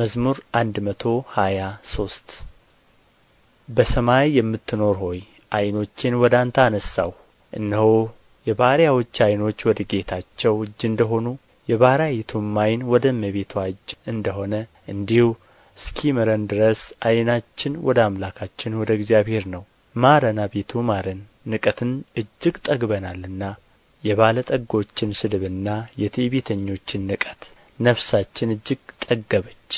መዝሙር መቶ ሀያ ሶስት በሰማይ የምትኖር ሆይ ዐይኖቼን ወደ አንተ አነሣሁ እነሆ የባሪያዎች ዐይኖች ወደ ጌታቸው እጅ እንደ ሆኑ የባሪያይቱም ዐይን ወደ እመቤቷ እጅ እንደ ሆነ እንዲሁ እስኪምረን ድረስ ዐይናችን ወደ አምላካችን ወደ እግዚአብሔር ነው። ማረን አቤቱ ማረን፣ ንቀትን እጅግ ጠግበናልና የባለጠጎችን ስድብና የትዕቢተኞችን ንቀት ነፍሳችን እጅግ ጠገበች